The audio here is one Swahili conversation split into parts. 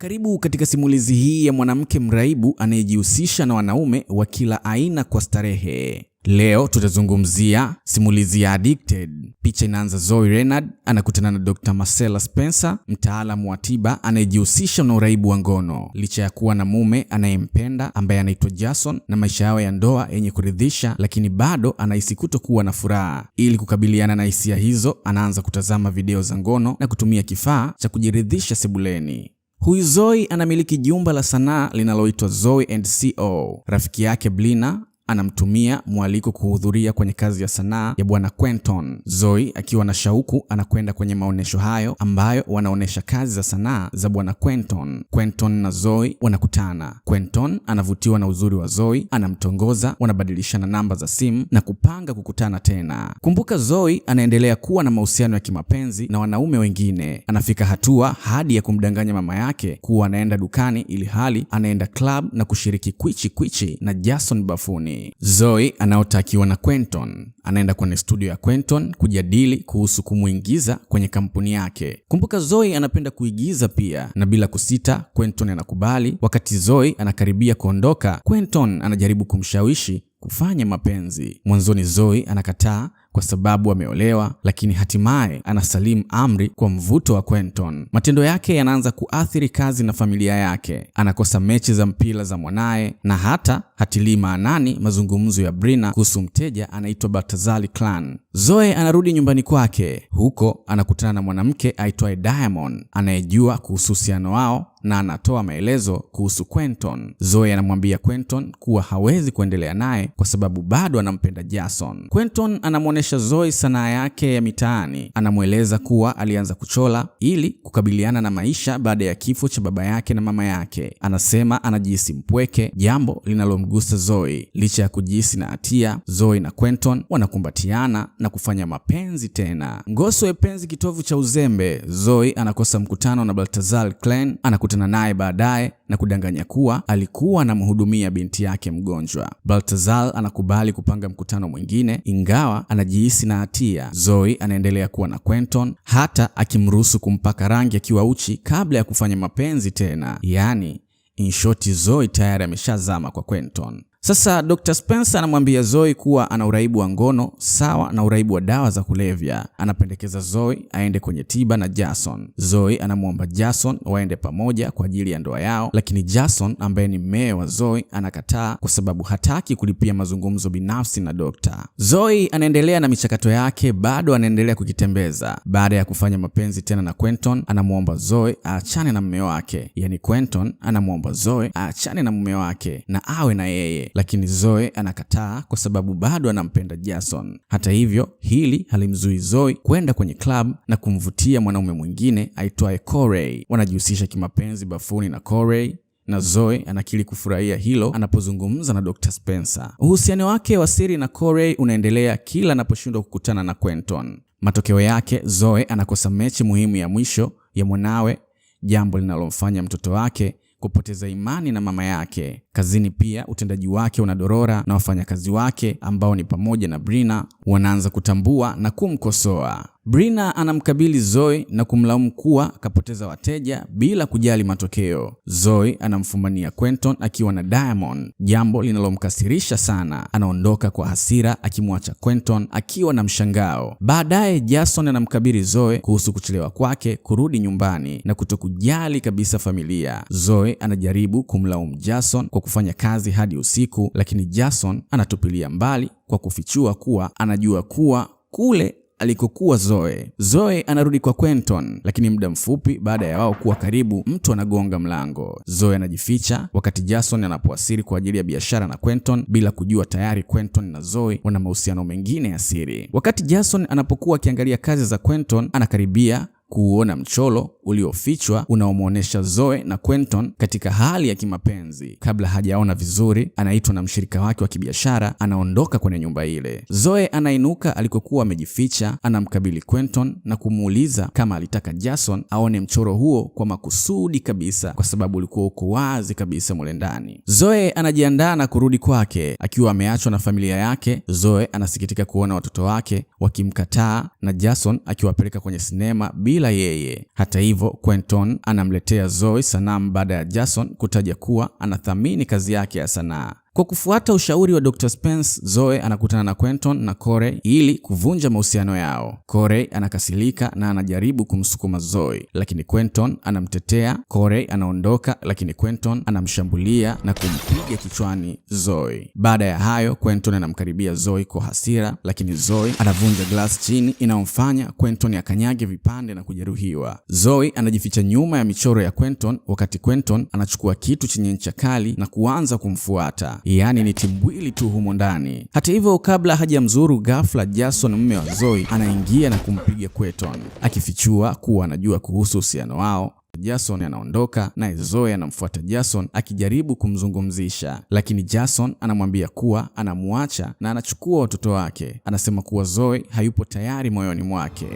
Karibu katika simulizi hii ya mwanamke mraibu anayejihusisha na wanaume wa kila aina kwa starehe. Leo tutazungumzia simulizi ya Addicted. Picha inaanza Zoe Renard anakutana na Dr. Marcella Spencer, mtaalamu wa tiba anayejihusisha na uraibu wa ngono. Licha ya kuwa na mume anayempenda ambaye anaitwa Jason na maisha yao ya ndoa yenye kuridhisha, lakini bado anahisi kutokuwa na furaha. Ili kukabiliana na hisia hizo, anaanza kutazama video za ngono na kutumia kifaa cha kujiridhisha sebuleni. Huyu Zoe anamiliki jumba la sanaa linaloitwa Zoe and Co. Rafiki yake Blina anamtumia mwaliko kuhudhuria kwenye kazi ya sanaa ya bwana Quenton. Zoe akiwa na shauku anakwenda kwenye maonyesho hayo ambayo wanaonyesha kazi za sanaa za bwana Quenton. Quenton na Zoe wanakutana. Quenton anavutiwa na uzuri wa Zoe, anamtongoza, wanabadilishana namba za simu na kupanga kukutana tena. Kumbuka Zoe anaendelea kuwa na mahusiano ya kimapenzi na wanaume wengine. Anafika hatua hadi ya kumdanganya mama yake kuwa anaenda dukani ili hali anaenda club na kushiriki kwichi kwichi na Jason bafuni. Zoe anaotakiwa na quenton anaenda kwenye studio ya quenton kujadili kuhusu kumwingiza kwenye kampuni yake. Kumbuka Zoe anapenda kuigiza pia, na bila kusita quenton anakubali. Wakati Zoe anakaribia kuondoka, quenton anajaribu kumshawishi kufanya mapenzi. Mwanzoni Zoe anakataa, kwa sababu ameolewa, lakini hatimaye anasalimu amri kwa mvuto wa Quentin. Matendo yake yanaanza kuathiri kazi na familia yake, anakosa mechi za mpira za mwanaye na hata hatilii maanani mazungumzo ya Brina kuhusu mteja anaitwa Baltazar Clan. Zoe anarudi nyumbani kwake, huko anakutana na mwanamke aitwaye Diamond anayejua kuhusu uhusiano wao na anatoa maelezo kuhusu Quentin. Zoe anamwambia Quentin kuwa hawezi kuendelea naye kwa sababu bado anampenda Jason. Quentin anamwonyesha anamwonyesha Zoe sanaa yake ya mitaani. Anamweleza kuwa alianza kuchola ili kukabiliana na maisha baada ya kifo cha baba yake na mama yake. Anasema anajihisi mpweke, jambo linalomgusa Zoe. Licha ya kujihisi na hatia, Zoe na quenton wanakumbatiana na kufanya mapenzi tena. ngoso penzi kitovu cha uzembe, Zoe anakosa mkutano na Baltazar Klein, anakutana naye baadaye na kudanganya kuwa alikuwa anamhudumia binti yake mgonjwa. Baltazar anakubali kupanga mkutano mwingine, ingawa anajihisi na hatia. Zoe anaendelea kuwa na Quentin, hata akimruhusu kumpaka rangi akiwa uchi kabla ya kufanya mapenzi tena. Yaani, in short, Zoe tayari ameshazama kwa Quentin. Sasa Dr. Spencer anamwambia Zoe kuwa ana uraibu wa ngono sawa na uraibu wa dawa za kulevya. Anapendekeza Zoe aende kwenye tiba na Jason. Zoe anamwomba Jason waende pamoja kwa ajili ya ndoa yao, lakini Jason ambaye ni mmee wa Zoe anakataa kwa sababu hataki kulipia mazungumzo binafsi na Dr. Zoe anaendelea na michakato yake, bado anaendelea kukitembeza. Baada ya kufanya mapenzi tena na Quentin, anamwomba Zoe aachane na mume wake, yaani Quentin anamwomba Zoe aachane na mume wake na awe na yeye lakini Zoe anakataa kwa sababu bado anampenda Jason. Hata hivyo, hili halimzui Zoe kwenda kwenye club na kumvutia mwanaume mwingine aitwaye Corey. Wanajihusisha kimapenzi bafuni na Corey na Zoe anakili kufurahia hilo anapozungumza na Dr. Spencer. Uhusiano wake wa siri na Corey unaendelea kila anaposhindwa kukutana na Quentin. Matokeo yake, Zoe anakosa mechi muhimu ya mwisho ya mwanawe, jambo linalomfanya mtoto wake kupoteza imani na mama yake. Kazini pia utendaji wake unadorora na wafanyakazi wake ambao ni pamoja na Brina wanaanza kutambua na kumkosoa. Brina anamkabili Zoe na kumlaumu kuwa kapoteza wateja bila kujali matokeo. Zoe anamfumania Quentin akiwa na Diamond, jambo linalomkasirisha sana. Anaondoka kwa hasira akimwacha Quentin akiwa na mshangao. Baadaye Jason anamkabili Zoe kuhusu kuchelewa kwake kurudi nyumbani na kutokujali kabisa familia. Zoe anajaribu kumlaumu Jason kwa kufanya kazi hadi usiku, lakini Jason anatupilia mbali kwa kufichua kuwa anajua kuwa kule alikokuwa Zoe. Zoe anarudi kwa Quentin, lakini muda mfupi baada ya wao kuwa karibu, mtu anagonga mlango. Zoe anajificha wakati Jason anapowasili kwa ajili ya biashara na Quentin, bila kujua tayari Quentin na Zoe wana mahusiano mengine ya siri. Wakati Jason anapokuwa akiangalia kazi za Quentin, anakaribia kuuona mcholo uliofichwa unaomwonyesha Zoe na quenton katika hali ya kimapenzi. Kabla hajaona vizuri, anaitwa na mshirika wake wa kibiashara, anaondoka kwenye nyumba ile. Zoe anainuka alikokuwa amejificha, anamkabili quenton na kumuuliza kama alitaka Jason aone mchoro huo kwa makusudi kabisa, kwa sababu ulikuwa uko wazi kabisa mule ndani. Zoe anajiandaa na kurudi kwake akiwa ameachwa na familia yake. Zoe anasikitika kuona watoto wake wakimkataa na Jason akiwapeleka kwenye sinema bila bila yeye. Hata hivyo, quenton anamletea Zoe sanamu baada ya Jason kutaja kuwa anathamini kazi yake ya sanaa. Kwa kufuata ushauri wa Dr. Spence, Zoe anakutana na Quentin na Corey ili kuvunja mahusiano yao. Corey anakasilika na anajaribu kumsukuma Zoe, lakini Quentin anamtetea. Corey anaondoka, lakini Quentin anamshambulia na kumpiga kichwani Zoe. Baada ya hayo, Quentin anamkaribia Zoe kwa hasira, lakini Zoe anavunja glass chini inayomfanya Quentin akanyage vipande na kujeruhiwa. Zoe anajificha nyuma ya michoro ya Quentin wakati Quentin anachukua kitu chenye ncha kali na kuanza kumfuata yaani ni tibwili tu humo ndani. Hata hivyo, kabla hajamzuru, ghafla Jason mume wa Zoe anaingia na kumpiga Quentin, akifichua kuwa anajua kuhusu uhusiano wao. Jason anaondoka naye Zoe anamfuata Jason akijaribu kumzungumzisha, lakini Jason anamwambia kuwa anamwacha na anachukua watoto wake. Anasema kuwa Zoe hayupo tayari moyoni mwake.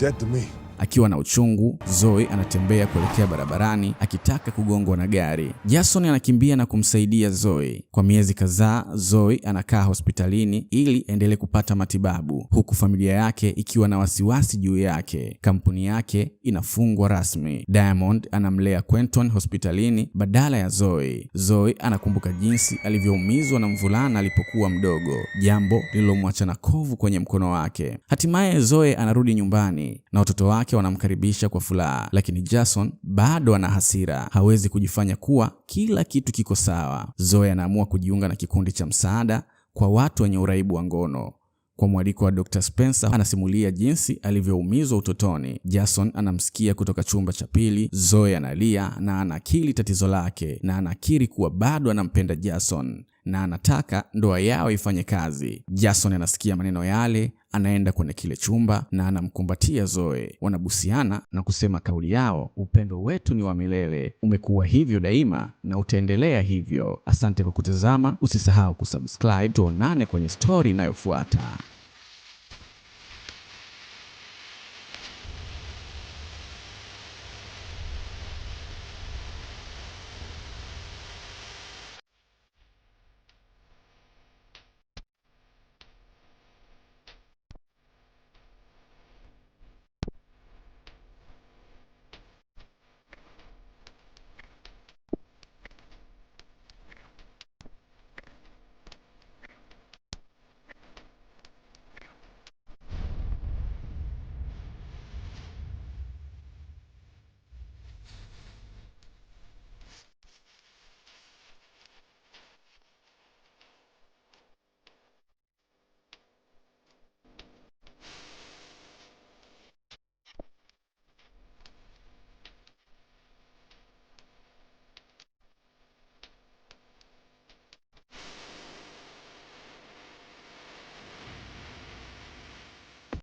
dead to me. Akiwa na uchungu, Zoe anatembea kuelekea barabarani akitaka kugongwa na gari. Jason anakimbia na kumsaidia Zoe. Kwa miezi kadhaa, Zoe anakaa hospitalini ili aendelee kupata matibabu, huku familia yake ikiwa na wasiwasi juu yake. Kampuni yake inafungwa rasmi. Diamond anamlea Quentin hospitalini badala ya Zoe. Zoe anakumbuka jinsi alivyoumizwa na mvulana alipokuwa mdogo, jambo lililomwacha na kovu kwenye mkono wake. Hatimaye Zoe anarudi nyumbani na watoto wake wake wanamkaribisha kwa furaha, lakini Jason bado ana hasira. Hawezi kujifanya kuwa kila kitu kiko sawa. Zoe anaamua kujiunga na kikundi cha msaada kwa watu wenye uraibu wa ngono. Kwa mwaliko wa Dr. Spencer anasimulia jinsi alivyoumizwa utotoni. Jason anamsikia kutoka chumba cha pili. Zoe analia na anakili tatizo lake na anakiri kuwa bado anampenda Jason na anataka ndoa yao ifanye kazi. Jason anasikia maneno yale, anaenda kwenye kile chumba na anamkumbatia Zoe. Wanabusiana na kusema kauli yao, upendo wetu ni wa milele, umekuwa hivyo daima na utaendelea hivyo. Asante kwa kutazama, usisahau kusubscribe. Tuonane kwenye stori inayofuata.